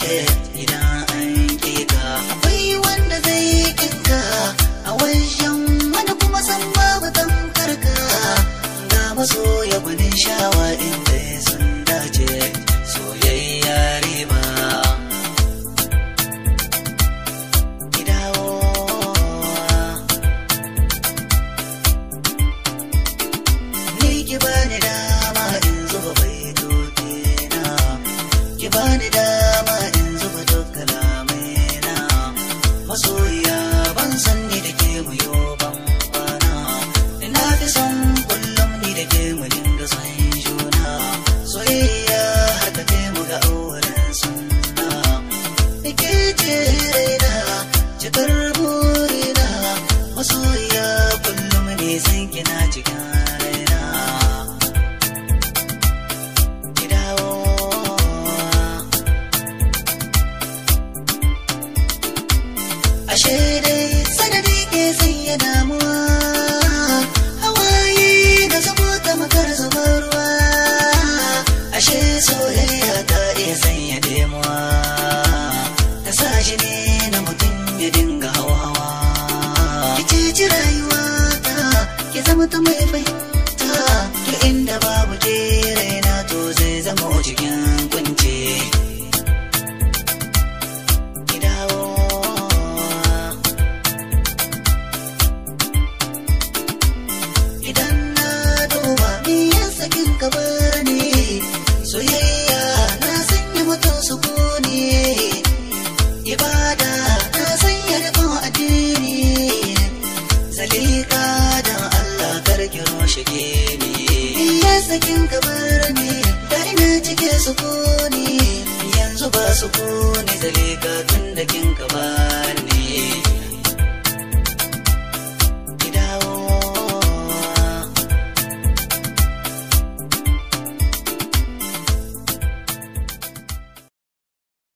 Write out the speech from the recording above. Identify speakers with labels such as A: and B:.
A: ce idan an ka akwai wanda zai kinka a wajen wani kuma san babu tamkar ka ga masoya gwanin shawa inda sun dace soyayya riba bani dama in zuba bai doke ki bani dama. wata mai bai ta inda babu je na to zai zama cikin kunce idan na duba me yasa kin gaba shige ni iya sakin gabar ne dare cike su ne yanzu ba su ne zalika tun da kin